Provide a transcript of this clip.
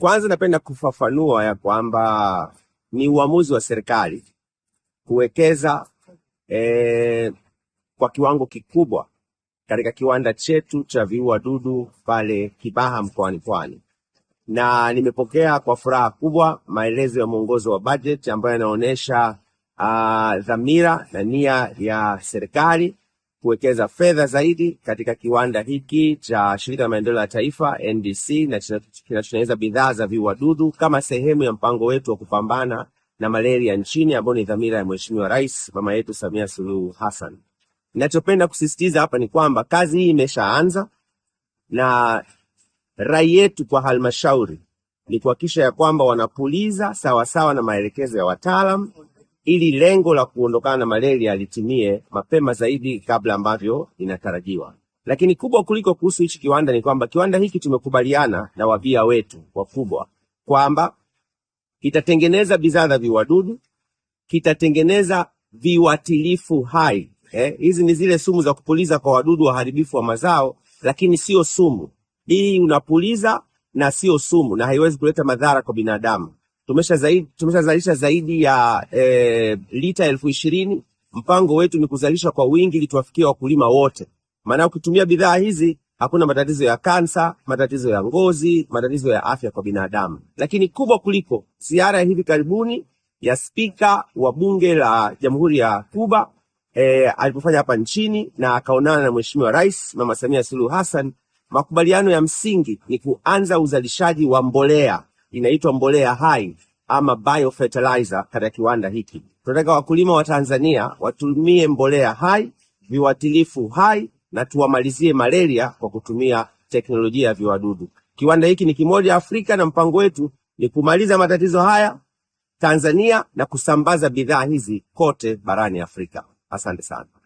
Kwanza napenda kufafanua ya kwamba ni uamuzi wa serikali kuwekeza eh, kwa kiwango kikubwa katika kiwanda chetu cha dudu pale Kibaha mkoani Pwani, na nimepokea kwa furaha kubwa maelezo ya mwongozo wa bajeti ambayo yanaonyesha uh, dhamira na nia ya serikali kuwekeza fedha zaidi katika kiwanda hiki cha shirika la maendeleo ya taifa NDC na kinachotengeneza bidhaa za viuadudu kama sehemu ya mpango wetu wa kupambana na malaria nchini ambayo ni dhamira ya Mheshimiwa Rais mama yetu Samia Suluhu Hassan. Ninachopenda kusisitiza hapa ni kwamba kazi hii imeshaanza na rai yetu kwa halmashauri ni kuhakikisha ya kwamba wanapuliza sawasawa na maelekezo ya wataalam ili lengo la kuondokana na malaria litimie mapema zaidi kabla ambavyo inatarajiwa. Lakini kubwa kuliko kuhusu hichi kiwanda ni kwamba kiwanda hiki tumekubaliana na wabia wetu wakubwa kwamba kitatengeneza bidhaa za viwadudu, kitatengeneza viwatilifu hai. Eh? Hizi eh, ni zile sumu za kupuliza kwa wadudu waharibifu wa mazao, lakini sio sumu hii unapuliza na sio sumu, na haiwezi kuleta madhara kwa binadamu tumeshazalisha zaidi, zaidi ya e, lita elfu ishirini. Mpango wetu ni kuzalisha kwa wingi ili tuwafikie wakulima wote, maana ukitumia bidhaa hizi hakuna matatizo ya kansa, matatizo ya ngozi, matatizo ya afya kwa binadamu. Lakini kubwa kuliko ziara ya hivi karibuni ya spika wa bunge la Jamhuri ya Kuba e, eh, alipofanya hapa nchini na akaonana na Mheshimiwa Rais Mama Samia Suluhu Hassan, makubaliano ya msingi ni kuanza uzalishaji wa mbolea inaitwa mbolea hai ama biofertilizer katika kiwanda hiki. Tunataka wakulima wa Tanzania watumie mbolea hai, viuatilifu hai na tuwamalizie malaria kwa kutumia teknolojia ya viwadudu. Kiwanda hiki ni kimoja Afrika na mpango wetu ni kumaliza matatizo haya Tanzania na kusambaza bidhaa hizi kote barani Afrika. Asante sana.